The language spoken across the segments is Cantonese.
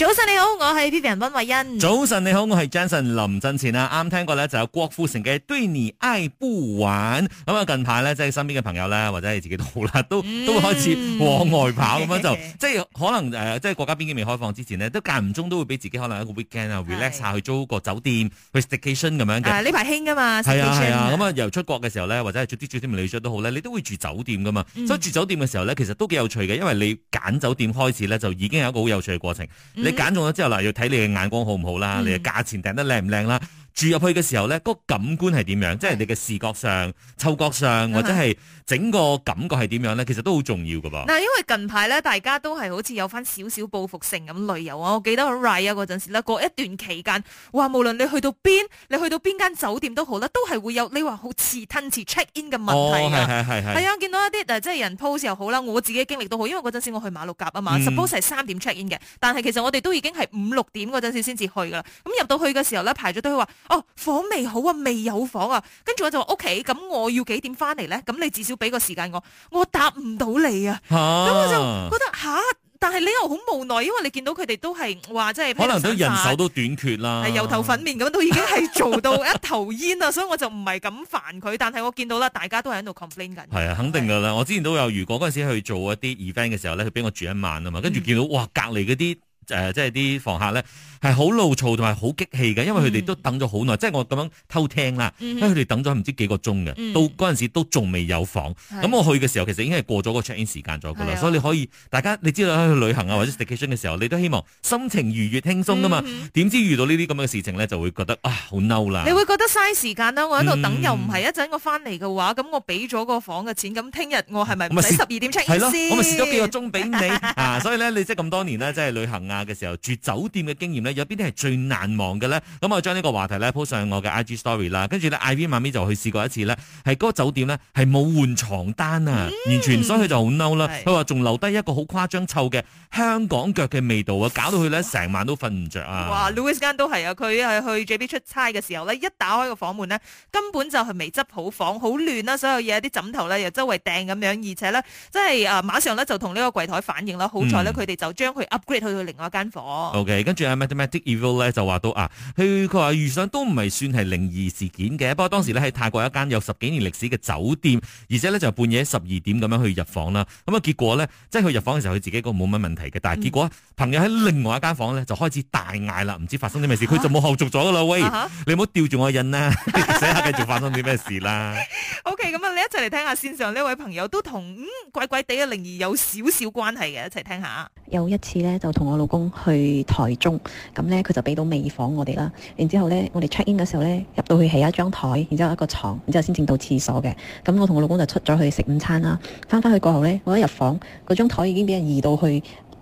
早晨你好，我係 P P R 溫慧欣。早晨你好，我係 Johnson 林振前啊！啱聽過咧，就有郭富城嘅對你愛不完。咁啊，近排咧，即係身邊嘅朋友咧，或者係自己都好啦，都、嗯、都開始往外跑咁樣，的就即係可能誒、呃，即係國家邊境未開放之前呢，都間唔中都會俾自己可能一個 weekend 啊，relax 下，的去租個酒店去 staycation 咁樣嘅。啊，呢排興噶嘛 v 係啊係啊，咁啊由出國嘅時候咧，或者係做啲住啲 leisure 都好咧，你都會住酒店噶嘛。嗯、所以住酒店嘅時候咧，其實都幾有趣嘅，因為你揀酒店開始咧，就已經有一個好有趣嘅過程。嗯你揀中咗之後嗱，要睇你嘅眼光好唔好啦，你嘅價錢訂得靚唔靚啦。住入去嘅時候咧，嗰個感官係點樣？即係你嘅視覺上、嗅覺上，或者係整個感覺係點樣咧？其實都好重要噶噃。嗱，因為近排咧，大家都係好似有翻少少報復性咁旅遊啊。我記得我 r y e 啊嗰陣時咧，過一段期間，哇，無論你去到邊，你去到邊間酒店都好啦，都係會有你話好似吞遲 check in 嘅問題嘅。係係啊，見到一啲即係人 pose 又好啦，我自己經歷都好，因為嗰陣時我去馬六甲啊嘛、嗯、，suppose 係三點 check in 嘅，但係其實我哋都已經係五六點嗰陣時先至去噶啦。咁入到去嘅時候咧，排咗隊話。哦，房未好啊，未有房啊，跟住我就話，OK，咁我要幾點翻嚟咧？咁你至少俾個時間我，我答唔到你啊。咁、啊、我就覺得吓，但係你又好無奈，因為你見到佢哋都係話即係，可能都人手都短缺啦，係油頭粉面咁，都已經係做到一頭煙啦 所以我就唔係咁煩佢。但係我見到啦，大家都係喺度 complain 緊。係啊，肯定噶啦。是我之前都有，如果嗰陣時去做一啲 event 嘅時候咧，佢俾我住一晚啊嘛，跟住見到、嗯、哇，隔籬嗰啲。誒，即係啲房客咧係好怒嘈同埋好激氣嘅，因為佢哋都等咗好耐。即係我咁樣偷聽啦，因為佢哋等咗唔知幾個鐘嘅，mm hmm. 到嗰陣時都仲未有房。咁是、嗯、我去嘅時候，其實已經係過咗個 check-in 時間咗嘅啦。啊、所以你可以，大家你知道喺去、呃、旅行啊或者 destination 嘅時候，你都希望心情愉悅輕鬆噶嘛？點、mm hmm. 知遇到呢啲咁嘅事情咧，就會覺得啊，好嬲啦！你會覺得嘥時間啦，我喺度等、嗯、又唔係一陣、啊，我翻嚟嘅話，咁我俾咗個房嘅錢，咁聽日我係咪唔使十二點 check-in 我咪蝕咗幾個鐘俾你 啊！所以咧，你即係咁多年咧，即係旅行啊～嘅時候住酒店嘅經驗呢，有邊啲係最難忘嘅咧？咁我將呢個話題咧 po 上我嘅 IG Story 啦，跟住呢 ivy 媽咪就去試過一次咧，係嗰個酒店咧係冇換床單啊，嗯、完全，所以佢就好嬲啦。佢話仲留低一個好誇張臭嘅香港腳嘅味道啊，搞到佢咧成晚都瞓唔着啊。哇，Louis 間都係啊，佢係去 JB 出差嘅時候呢，一打開個房門呢，根本就係未執好房，好亂啦，所有嘢啲枕頭咧又周圍掟咁樣，而且呢，真係啊，馬上咧就同呢個櫃枱反應啦，好彩呢佢哋就將佢 upgrade 去到另外。間房，OK，跟住阿 Mathematic Evil 咧就話到啊，佢佢話遇上都唔係算係靈異事件嘅，不過當時咧喺泰國一間有十幾年歷史嘅酒店，而且咧就半夜十二點咁樣去入房啦，咁啊結果咧，即係佢入房嘅時候，佢自己嗰個冇乜問題嘅，但係結果朋友喺另外一間房咧就開始大嗌啦，唔知發生啲咩事，佢就冇後續咗啦，啊、喂，你唔好吊住我印啊，等 下繼續發生啲咩事啦。 OK，咁啊，你一齊嚟聽下線上呢位朋友都同怪怪地嘅靈異有少少關係嘅，一齊聽一下。有一次咧就同我老。公去台中，咁呢，佢就畀到尾房我哋啦。然之後呢，我哋 check in 嘅時候呢，入到去係一張台，然之後一個床，然之後先至到廁所嘅。咁我同我老公就出咗去食午餐啦。翻返去過後呢，我一入房，嗰張台已經俾人移到去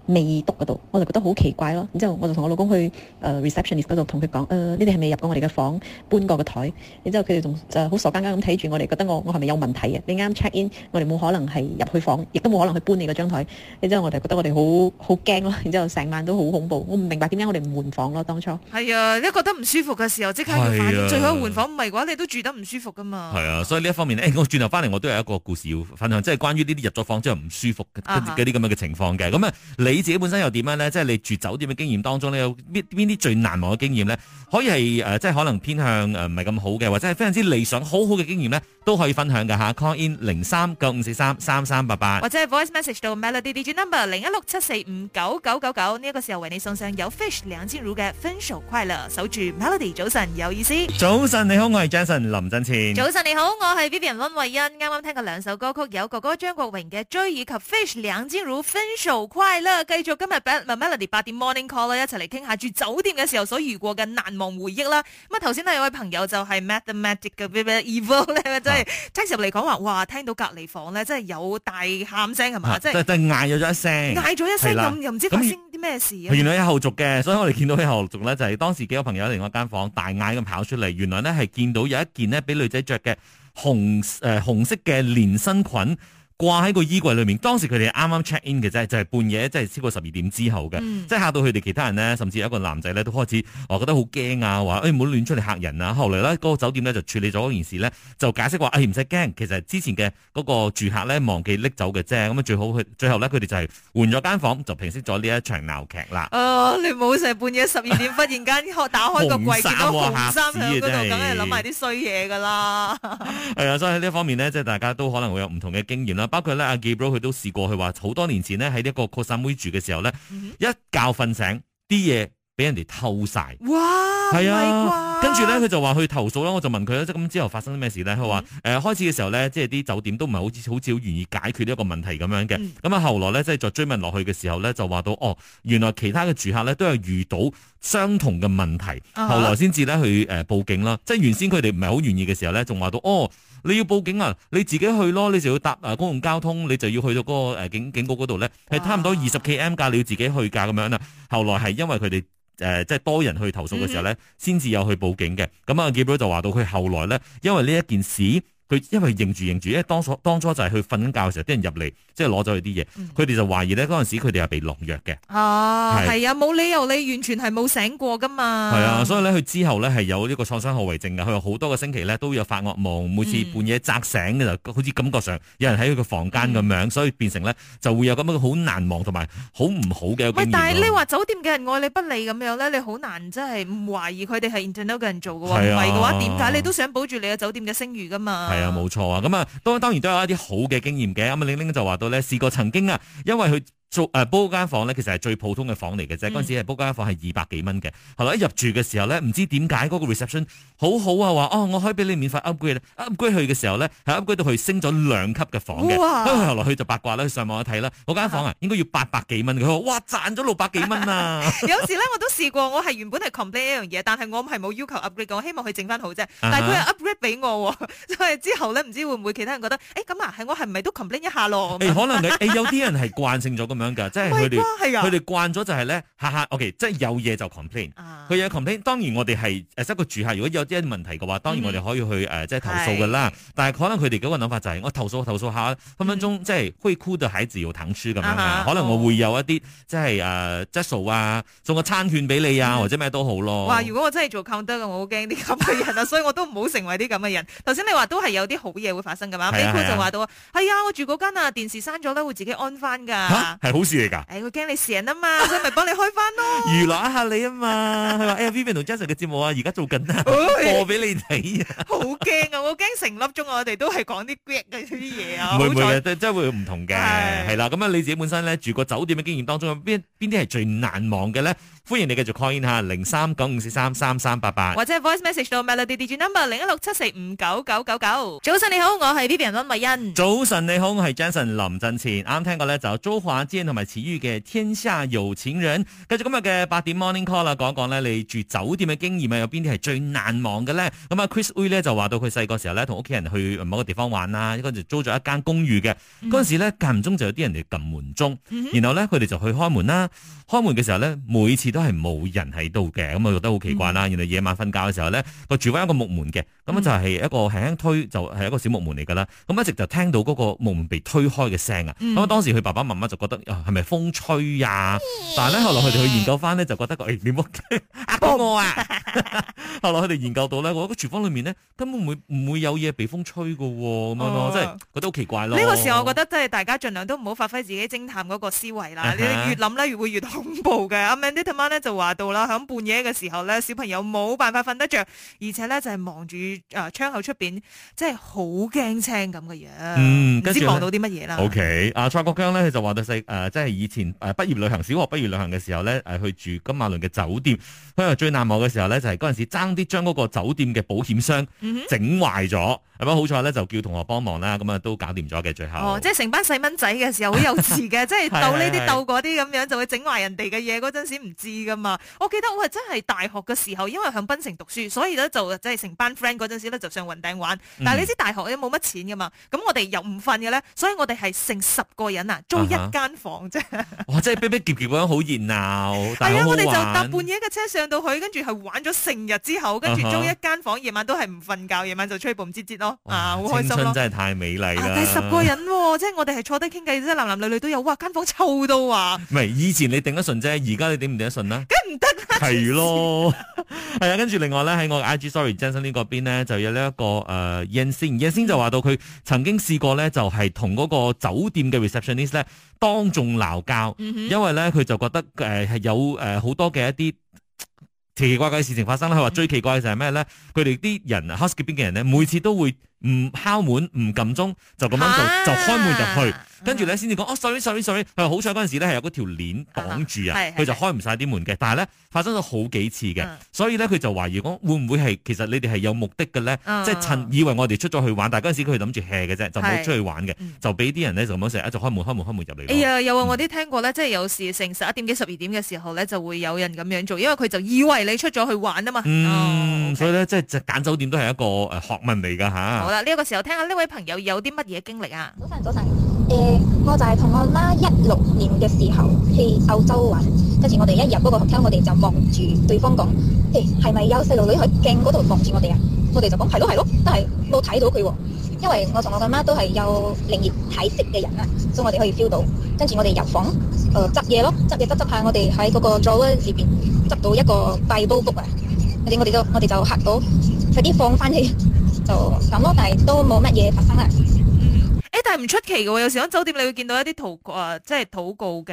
未篤嗰度，我就覺得好奇怪咯。然之後，我就同我老公去誒 receptionist 嗰度同佢講：誒、呃呃，你哋係咪入過我哋嘅房，搬過個台？然之後佢哋仲就好傻更更咁睇住我哋，覺得我我係咪有問題啊？你啱 check in，我哋冇可能係入去房，亦都冇可能去搬你嗰張台。然之後我哋覺得我哋好好驚咯。然之後成晚都好恐怖，我唔明白點解我哋唔換房咯當初。係啊，你覺得唔舒服嘅時候即刻換房，最好換房唔係嘅話，你都住得唔舒服㗎嘛。係啊，所以呢一方面咧、哎，我轉頭翻嚟我都有一個故事要分享，即、就、係、是、關於呢啲入咗房之後唔舒服嘅嗰啲咁樣嘅情況嘅。咁啊，你。你自己本身又點樣咧？即係你住酒店嘅經驗當中你有邊啲最難忘嘅經驗咧，可以係誒、呃，即係可能偏向誒唔係咁好嘅，或者係非常之理想好好嘅經驗咧，都可以分享嘅下 Call in 零三九五四三三三八八，或者係 Voice Message 到 Melody DJ Number 零一六七四五九九九九。呢個時候為你送上有 Fish 梁靜茹」嘅分手快樂，守住 Melody 早晨有意思。早晨你好，我係 Jason 林振前。早晨你好，我係 Vivian 温慧欣。啱啱聽過兩首歌曲，有哥哥張國榮嘅《追》以及 Fish 梁靜茹》《分手快樂。繼續今日 Melody 八點 Morning Call 啦，一齊嚟傾下住酒店嘅時候所遇過嘅難忘回憶啦。咁啊，頭先呢有位朋友就係 Mathematic 嘅 evil 咧、啊，即係 Jackson 嚟講話，哇，聽到隔籬房咧，即係有大喊聲係嘛，即係嗌咗一聲，嗌咗一聲，咁又唔知發生啲咩事、啊。原來有後續嘅，所以我哋見到喺後續咧，就係當時幾個朋友嚟我間房，大嗌咁跑出嚟，原來咧係見到有一件呢，俾女仔着嘅紅誒紅色嘅連身裙。掛喺個衣櫃裏面，當時佢哋啱啱 check in，嘅啫，就係、是、半夜，即、就、係、是、超過十二點之後嘅，嗯、即係嚇到佢哋其他人咧，甚至有一個男仔咧都開始，我覺得好驚啊！話誒唔好亂出嚟嚇人啊！後來咧，嗰、那個酒店咧就處理咗嗰件事咧，就解釋話誒唔使驚，其實之前嘅嗰個住客咧忘記拎走嘅啫，咁啊最好佢最後咧佢哋就係換咗間房間，就平息咗呢一場鬧劇啦。誒、呃，你冇成半夜十二點 忽然間開打開個櫃，見到紅衫喺嗰度，梗係諗埋啲衰嘢噶啦。係啊是、 嗯，所以喺呢一方面咧，即係大家都可能會有唔同嘅經驗啦。包括咧，阿 Gabriel 佢都試過，佢話好多年前咧喺呢一個過山妹住嘅時候咧，嗯、一覺瞓醒啲嘢俾人哋偷晒，哇！係啊，跟住咧佢就話去投訴啦。我就問佢即咁之後發生啲咩事咧？佢話誒，開始嘅時候咧，即係啲酒店都唔係好似好似好願意解決呢一個問題咁樣嘅。咁啊、嗯，後來咧即係再追問落去嘅時候咧，就話到哦，原來其他嘅住客咧都有遇到相同嘅問題，啊、哈後來先至咧去誒報警啦。即係原先佢哋唔係好願意嘅時候咧，仲話到哦。你要報警啊！你自己去咯，你就要搭誒公共交通，你就要去到嗰個誒警警局嗰度咧，係哇差唔多二十 K M 架，你要自己去架咁樣啦。後來係因為佢哋誒即係多人去投訴嘅時候咧，先至、嗯、哼有去報警嘅。咁啊，傑哥就話到佢後來咧，因為呢一件事。佢因為認住認住，因為當初當初就係佢瞓緊覺嘅時候，啲人入嚟即係攞走佢啲嘢，佢哋就懷疑呢嗰陣時佢哋係被落藥嘅。哦，係啊，冇係、啊、理由你完全係冇醒過噶嘛。係啊，所以咧佢之後呢係有呢個創傷後遺症嘅，佢有好多個星期呢都有發噩夢，每次半夜紮醒嘅、嗯、就好似感覺上有人喺佢個房間咁樣，嗯、所以變成呢就會有咁樣好難忘同埋好唔好嘅。但係你話酒店嘅人愛理不理咁樣呢，你好難真係唔懷疑佢哋係 internal 人做嘅喎，唔係嘅話點解你都想保住你嘅酒店嘅聲譽噶嘛？係啊，冇錯啊，咁啊，當當然都有一啲好嘅經驗嘅，咁啊，玲玲就話到咧，試過曾經啊，因為佢。做誒 book 間房咧，其實係最普通嘅房嚟嘅啫。嗰陣、嗯、時係 book 間房係二百幾蚊嘅，後來一入住嘅時候咧，唔知點解嗰個 reception 好好啊，話哦，我可以俾你免費 upgrade upgrade 去嘅時候咧，係 upgrade 到去升咗兩級嘅房嘅。咁哇後來去就八卦啦，去上網睇啦，嗰間房啊，應該要八百幾蚊。佢話：哇，賺咗六百幾蚊啊！ 有時咧我都試過，我係原本係 complain 一樣嘢，但係我係冇要求 upgrade 嘅，我希望佢整翻好啫。但係佢又 upgrade 俾我，所以之後咧唔知會唔會其他人覺得誒咁、欸、啊？係我係唔係都 complain 一下咯？欸、可能誒、欸、有啲人係慣性咗咁。咁樣噶，即係佢哋佢哋慣咗就係咧，吓吓，OK，即係有嘢就 complain。佢有 complain，當然我哋係誒，不住客如果有啲問題嘅話，當然我哋可以去誒，即係投訴噶啦。但係可能佢哋嗰個諗法就係，我投訴投訴下，分分鐘即係被 c o 喺自由騰出咁樣，可能我會有一啲即係誒，質素啊，送個餐券俾你啊，或者咩都好咯。哇！如果我真係做 counter 嘅，我好驚啲咁嘅人啊，所以我都唔好成為啲咁嘅人。頭先你話都係有啲好嘢會發生噶嘛？被 c 就話到，係啊，我住嗰間啊，電視閂咗咧會自己安翻噶。好事嚟噶，哎，我驚你人啊嘛，咁咪幫你開翻咯，娛樂一下你啊嘛。佢話呀 Vivian 同 Jason 嘅節目啊，而家做緊啊，播俾你睇。好驚啊，我驚成粒鐘我哋都係講啲 g e e 嘅啲嘢啊。唔會嘅，真真會唔同嘅，係啦。咁你自己本身咧住過酒店嘅經驗當中，有邊邊啲係最難忘嘅咧？歡迎你繼續 call in 吓，零三九五四三三三八八，或者 voice message 到 Melody Digi Number 零一六七四五九九九九。早晨你好，我係 Vivian 林慧欣。早晨你好，我係 Jason 林振前。啱聽過咧就租之。同埋馳宇嘅天下有情人，繼續今日嘅八點 morning call 啦，講講咧你住酒店嘅經驗啊，有邊啲係最難忘嘅咧？咁啊，Chris U 咧就話到佢細個時候咧，同屋企人去某個地方玩啦，跟住租咗一間公寓嘅。嗰陣時咧，間唔中就有啲人嚟撳門鐘，然後咧佢哋就去開門啦。開門嘅時候咧，每次都係冇人喺度嘅，咁啊覺得好奇怪啦。原來夜晚瞓覺嘅時候咧，個住返一個木門嘅，咁就係一個輕輕推就係一個小木門嚟噶啦。咁一直就聽到嗰個木門被推開嘅聲啊。咁當時佢爸爸媽媽就覺得。啊，係咪風吹呀？啊？但係咧，後來佢哋去研究翻咧，就覺得個誒點解阿哥我啊， 後來佢哋研究到咧，我個廚房裏面咧根本唔會唔會有嘢被風吹嘅喎咁樣咯，即係、哦啊、覺得好奇怪咯。呢個時我覺得即係大家盡量都唔好發揮自己偵探嗰個思維啦，你、啊、哈越諗咧越會越恐怖嘅。阿 Manita、啊啊啊、Man 就話到啦，響半夜嘅時候咧，小朋友冇辦法瞓得着，而且咧就係望住窗口出邊，即係好驚青咁嘅樣，唔、嗯、知望到啲乜嘢啦。OK，阿、啊、蔡國強咧就話到誒、啊，即係以前誒，畢、啊、業旅行，小學畢業旅行嘅時候咧，誒、啊、去住金馬倫嘅酒店，佢話最難忘嘅時候咧，就係嗰陣時爭啲將嗰個酒店嘅保險箱整壞咗，係、嗯、哼好彩咧就叫同學幫忙啦，咁啊都搞掂咗嘅最後。哦，即係成班細蚊仔嘅時候好幼稚嘅， 即係鬥呢啲鬥嗰啲咁樣，就會整壞人哋嘅嘢，嗰陣時唔知噶嘛。我記得我係真係大學嘅時候，因為響檳城讀書，所以咧就即係成班 friend 嗰陣時咧就上雲頂玩，嗯、但係你知大學你冇乜錢噶嘛，咁我哋又唔瞓嘅咧，所以我哋係成十個人啊租一間房子、嗯。房啫， 哇！即係逼逼疊疊咁樣，熱鬧好熱鬧。係啊，我哋就搭半夜嘅車上到去，跟住係玩咗成日之後，跟住租一間房，夜晚都係唔瞓覺，夜晚就吹去步唔折咯。啊，好開心真係太美麗啦！第十個人、啊，即係我哋係坐低傾偈，即係男男女女都有。哇，間房間臭到啊！唔係以前你頂得順啫，而家你頂唔頂得順啦？梗唔得，係 對咯，係啊。跟住另外咧，喺我 IG sorry Jensen 呢個邊咧，就有呢、這、一個誒葉先，葉、呃、先就話到佢曾經試過咧，就係同嗰個酒店嘅 receptionist 咧。當眾鬧交，因為咧佢就覺得誒係有誒好多嘅一啲奇奇怪怪嘅事情發生啦！佢話最奇怪嘅就係咩咧？佢哋啲人 hosting 嘅人咧，每次都會唔敲門、唔撳鐘就咁樣做，就開門入去。跟住咧先至講哦，sorry，sorry，sorry。佢話好彩嗰陣時係有嗰條鏈擋住啊，佢就開唔晒啲門嘅。但係咧發生咗好幾次嘅，所以咧佢就懷疑講會唔會係其實你哋係有目的嘅咧？即係趁以為我哋出咗去玩，但係嗰陣時佢諗住 hea 嘅啫，就冇出去玩嘅，就俾啲人咧就咁成日就開門開門開門入嚟。哎呀，有啊！我啲聽過咧，即係有時成十一點幾十二點嘅時候呢，就會有人咁樣做，因為佢就以為。你出咗去玩啊嘛，嗯，嗯，所以咧即係揀揀酒店都係一個誒學問嚟噶吓。嗯、好啦，呢、這個個時候聽下呢位朋友有啲乜嘢經歷啊？早晨，早晨。誒、欸，我就係同我媽一六年嘅時候去澳洲玩，跟住我哋一入嗰個廳，我哋就望住對方講：誒、欸，係咪有細路女喺鏡嗰度望住我哋啊？我哋就講係咯係咯，都係冇睇到佢、啊。因為我同我阿媽都係有靈異體質嘅人啊，所以我哋可以 feel 到。跟住我哋入房，誒、呃，執嘢咯，執嘢執執下我，我哋喺嗰個 drawer 裏邊。執到一個大刀骨啊！我哋就我哋嚇到，快啲放翻佢就咁咯，但係都冇乜嘢發生啦。但係唔出奇嘅，有時喺酒店你會見到一啲禱啊，即係禱告嘅，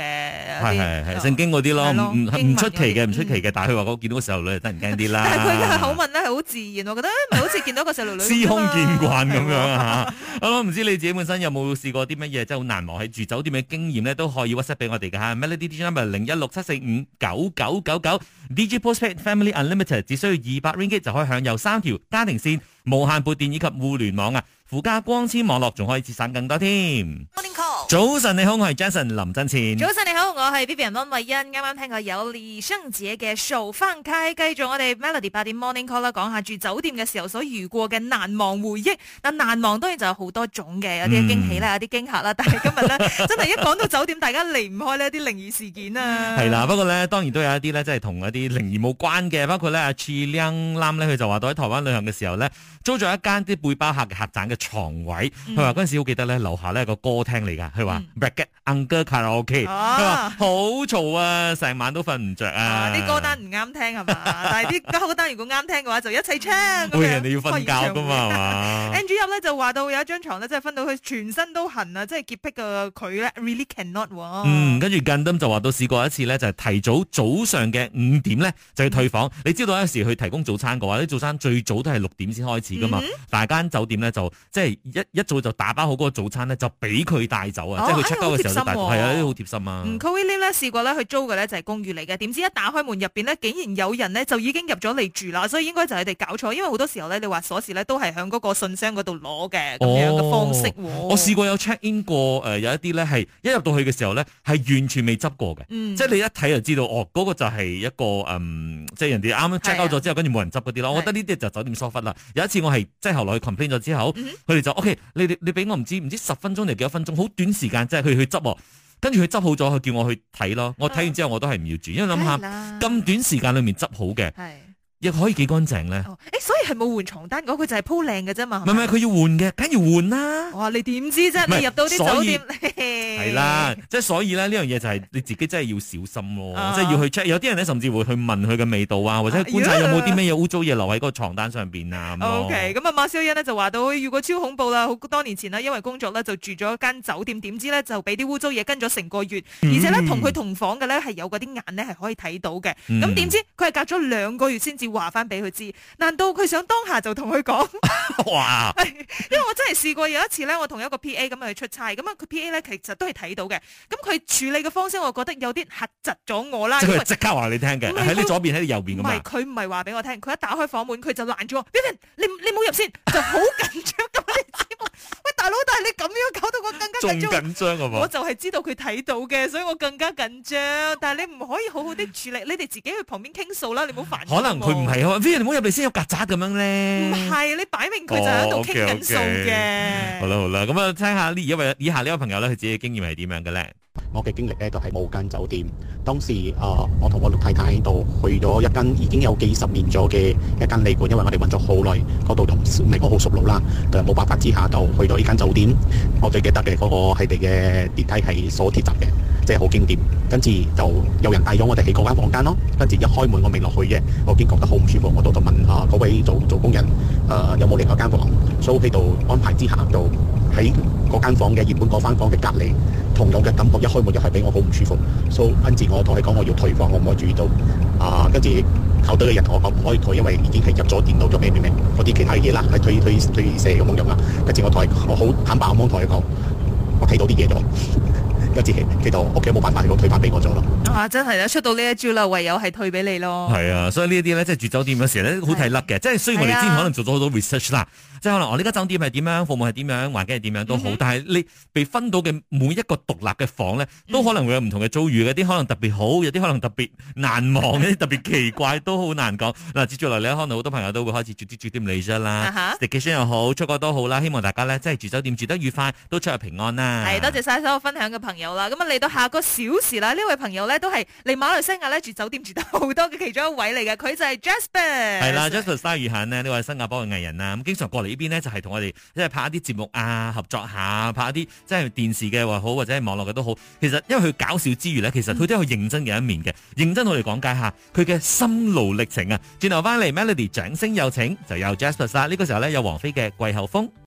係係係聖經嗰啲咯，唔唔出奇嘅，唔出奇嘅。但係佢話我見到個細路女咧，得人驚啲啦。但係佢嘅口吻咧係好自然，我覺得咪好似見到個細路女。司空見慣咁樣吓，好啦，唔知你自己本身有冇試過啲乜嘢，真係好難忘喺住酒店嘅經驗咧，都可以 WhatsApp 俾我哋嘅吓。Melody D J number 零一六七四五九九九九 D J Postpaid Family Unlimited 只需要二百 Ringgit 就可以享有三條家庭線、無限撥電以及互聯網啊！附加光纖網絡，仲可以節省更多添。早晨，你好，我係 Jason 林振前。早晨，你好，我係 Vivian 溫慧欣。啱啱聽過有李聖傑嘅《手放開》，繼續我哋 Melody 八點 Morning Call 啦，講下住酒店嘅時候所遇過嘅難忘回憶。嗱，難忘當然就有好多種嘅，有啲驚喜啦，有啲驚嚇啦。嗯、但係今日呢， 真係一講到酒店，大家離唔開呢一啲靈異事件啊。係啦，不過呢，當然都有一啲呢，即係同嗰啲靈異冇關嘅，包括呢阿 Chillian Lam，佢就話到喺台灣旅行嘅時候呢，租咗一間啲背包客嘅客棧嘅床位，佢話嗰陣時好記得呢樓下咧係個歌廳嚟噶。佢話《Regret Uncle Karaoke》佢話，好嘈啊！成晚都瞓唔著啊！啲歌單唔啱聽係嘛？但係啲歌單如果啱聽嘅話，就一齊唱。咁人哋要瞓覺㗎嘛？係嘛？Andrew 咧就話到有一張床咧，即係瞓到佢全身都痕啊！即係潔癖嘅佢咧，really cannot 喎。嗯，跟住近啲就話到試過一次咧，就係提早早上嘅五點咧，就要退房。你知道有陣時去提供早餐嘅話，啲早餐最早都係六點先開始㗎嘛？但係間酒店咧就即係一一早就打包好嗰個早餐咧，就俾佢帶走。佢哦，啱，好貼心喎，係啊，啲好貼心啊。嗯 c o y l 咧試過咧，去租嘅咧就係公寓嚟嘅，點知一打開門入邊咧，竟然有人咧就已經入咗嚟住啦，所以應該就係你哋搞錯，因為好多時候咧，你話鎖匙咧都係喺嗰個信箱嗰度攞嘅咁樣嘅方式喎，哦。我試過有 check in 過，誒有一啲咧係一入到去嘅時候咧係完全未執過嘅，嗯、即係你一睇就知道，哦，嗰，那個就係一個嗯，即係人哋啱 check out 咗之後跟住冇人執嗰啲咯。我覺得呢啲就酒店疏忽啦。有一次我係即係後來 complain 咗之後，佢哋、嗯、就 OK，你你俾我唔知唔知道十分鐘定幾多分鐘，好短。時間即係佢去執，跟住佢執好咗，佢叫我去睇咯。我睇完之後，我都係唔要轉，因為諗下咁的短時間裏面執好嘅。亦可以幾乾淨咧？誒，所以係冇換床單嗰個就係鋪靚嘅啫嘛。唔係唔係，佢要換嘅，梗要換啦。哇，你點知啫？你入到啲酒店，係啦，即係所以咧呢樣嘢就係你自己真係要小心咯，即係要去 check。有啲人咧甚至會去問佢嘅味道啊，或者觀察有冇啲咩嘢污糟嘢留喺嗰個床單上邊啊。OK，咁啊，馬少欣咧就話到，如果超恐怖啦，好多年前啦，因為工作咧就住咗間酒店，點知咧就俾啲污糟嘢跟咗成個月，而且咧同佢同房嘅咧係有嗰啲眼咧係可以睇到嘅。咁點知佢係隔咗兩個月先至。話翻俾佢知，難道佢想當下就同佢講？哇！因為我真係試過有一次咧，我同一個 P A 咁啊，去出差，咁啊佢 P A 咧其實都係睇到嘅，咁佢處理嘅方式，我覺得有啲核窒咗我啦。即佢即刻話你聽嘅，喺你，你左邊，喺你右邊咁嘛。佢唔係話俾我聽，佢一打開房門，佢就攔住我 b i 你你冇入先，就好緊張更緊張㗎喎！我就係知道佢睇到嘅，所以我更加緊張。但係你唔可以好好啲處理，你哋自己去旁邊傾訴啦。你冇煩我。可能佢唔係啊，video 入邊先有曱甴咁樣咧。唔係，你擺明佢就喺度傾緊數嘅。好啦好啦，咁啊，聽下呢一位以下呢位朋友咧，佢自己嘅經驗係點樣嘅咧？我嘅經歷咧，就係冇間酒店。當時啊、呃，我同我老太太喺度去咗一間已經有幾十年咗嘅一間旅館，因為我哋揾咗好耐，嗰度同未講好熟路啦，但係冇辦法之下就去到呢間酒店。我最記得嘅我係哋嘅電梯係鎖鐵閘嘅，即係好經典。跟住就有人帶咗我哋喺嗰間房間咯。跟住一開門我，我未落去啫，我已經覺得好唔舒服。我度就問啊，嗰位做做工人，誒、呃，有冇另外一間房？So 喺度安排之下，就喺嗰間房嘅原本嗰間房嘅隔籬，同樣嘅感覺。一開門又係俾我好唔舒服。So 跟住我同佢講，我要退房，我唔可以注意到啊。跟住後底嘅人同我講唔可以退，因為已經係入咗電腦咗咩咩咩嗰啲其他嘢啦，係退退退，退四冇用啦。跟住我同我好坦白我，我同佢講。我睇到啲嘢咗。其實屋企冇辦法退返俾我做咯？啊，真係啦，出到呢一注啦，唯有係退俾你咯。係啊，所以呢一啲咧，即係住酒店嗰時咧，好睇甩嘅。即係雖然我哋之前可能做咗好多 research 啦，的即係可能我呢間酒店係點樣，服務係點樣，環境係點樣都好。Mm hmm. 但係你被分到嘅每一個獨立嘅房咧，都可能會有唔同嘅遭遇。有啲可能特別好，有啲可能特別難忘，有啲 特別奇怪，都好難講。嗱，接住落嚟呢，可能好多朋友都會開始住啲 住店旅舍啦 Staycation 又好，出國都好啦。希望大家咧，即係住酒店住得愉快，都出入平安啦。係，多謝晒所有分享嘅朋友。有啦，咁啊嚟到下個小時啦，呢位朋友咧都係嚟馬來西亞咧住酒店住得好多嘅其中一位嚟嘅，佢就係 Jasper 的。係啦，Jasper 沙魚蟹咧，呢位新加坡嘅藝人啊，咁經常過嚟呢邊呢，就係同我哋即係拍一啲節目啊合作下，拍一啲即係電視嘅話好或者係網絡嘅都好。其實因為佢搞笑之餘呢，其實佢都有認真嘅一面嘅，嗯、認真同我哋講解下佢嘅心路歷程啊。轉頭翻嚟 Melody，掌聲有請，就有 Jasper。呢個時候呢，有王菲嘅《季候風》。